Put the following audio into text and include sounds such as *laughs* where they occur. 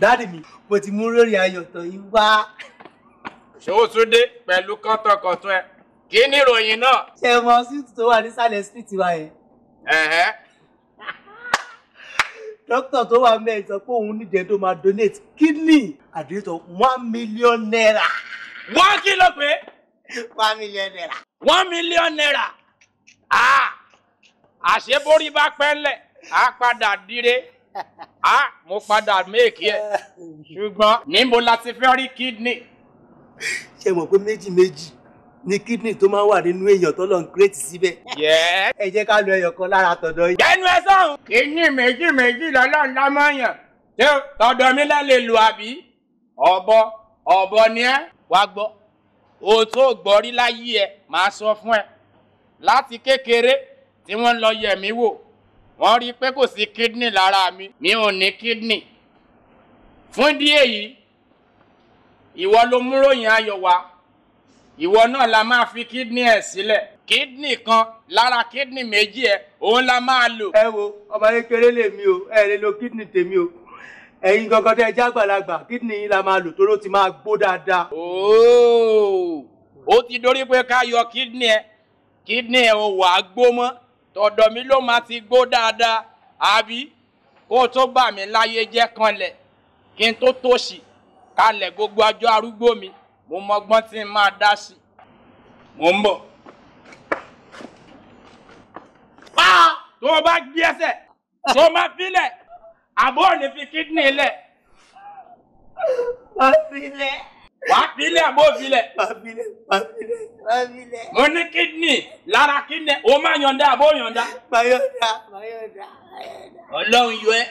dáàdì mi mo ti mú lórí ayọ̀tọ̀ yìí wá. Ṣòwòtúndé pẹ̀lú kọ́tọ̀kọ̀tọ̀ ẹ kí ni ìròyìn náà. ṣé ẹ mọ síìtì tó wà nísàlẹ̀ street wa yẹn. ẹ̀hẹ́. dókítà tó wà mẹ́rin sọ pé òun nídìí tó máa donate kidney at the one million naira. wọ́n kí ló pé. one million naira. one million naira. Ah, àṣé borí bá pẹ́ ńlẹ̀ á padà dire á ah, mo padà méèkì ẹ *laughs* ṣùgbọ́n níbo la ti fẹ́ rí kidney. ṣé mọ̀ pé méjì méjì ni kidney tó máa ń wà nínú èèyàn tó lọ ń kírètì síbẹ̀. ẹ jẹ́ ká lo ẹyọ kan lára tọ̀dọ̀ yìí. jẹ́nu ẹ sọ̀hún. kidney méjì méjì lọ́lọ́run lámọ̀yàn ṣé tọ̀dọ̀ mi lẹ́ lè lù àbí ọ̀bọ ọ̀bọ ni ẹ wá gbọ́ o tó gbọ́ rí láyé ẹ máa sọ fún ẹ láti kékeré tí wọ́n lọ yẹ̀ mí wò wọ́n rí i pé kò sí kidney lára mi mi ò ní kidney fún ìdí èyí ìwọ ló múròyìn ayọ̀ wá ìwọ náà la máa fi kidney ẹ̀ sílẹ̀ kidney kan lára kidney méjì ẹ̀ òun la máa lò. ẹ wo ọmọ kékeré lè mi o ẹ lè lo kidney tèmi o ẹ̀yin gangan tẹ́ ẹ jágbàlagbà kidney yìí la máa lò tóró ti máa gbó dáadáa. ooo ó ti dorí pé ká yọ kidney ẹ kidney ẹ ò wá gbó mọ́ ọ̀dọ̀ mi ló máa ti gbó dáadáa àbí kó tó bà mí láyé jẹ́ kanlẹ̀ kí n tó tòṣì kalẹ̀ gbogbo ọjọ́ arúgbó mi mo mọgbọ́n tí n máa dá sí mo ń bọ̀. pa tó o bá gbé ẹsẹ̀ tó o máa filẹ̀ àbó ò ní fi kídìní lẹ̀. ọ̀sìn lẹ̀ wà á filẹ̀ àbó filẹ̀. mo ní kidney lára kidney o máa yọ̀ǹda àbó yọ̀ǹda. máa yọ̀ǹda máa ọlọ́run yọ ẹ́.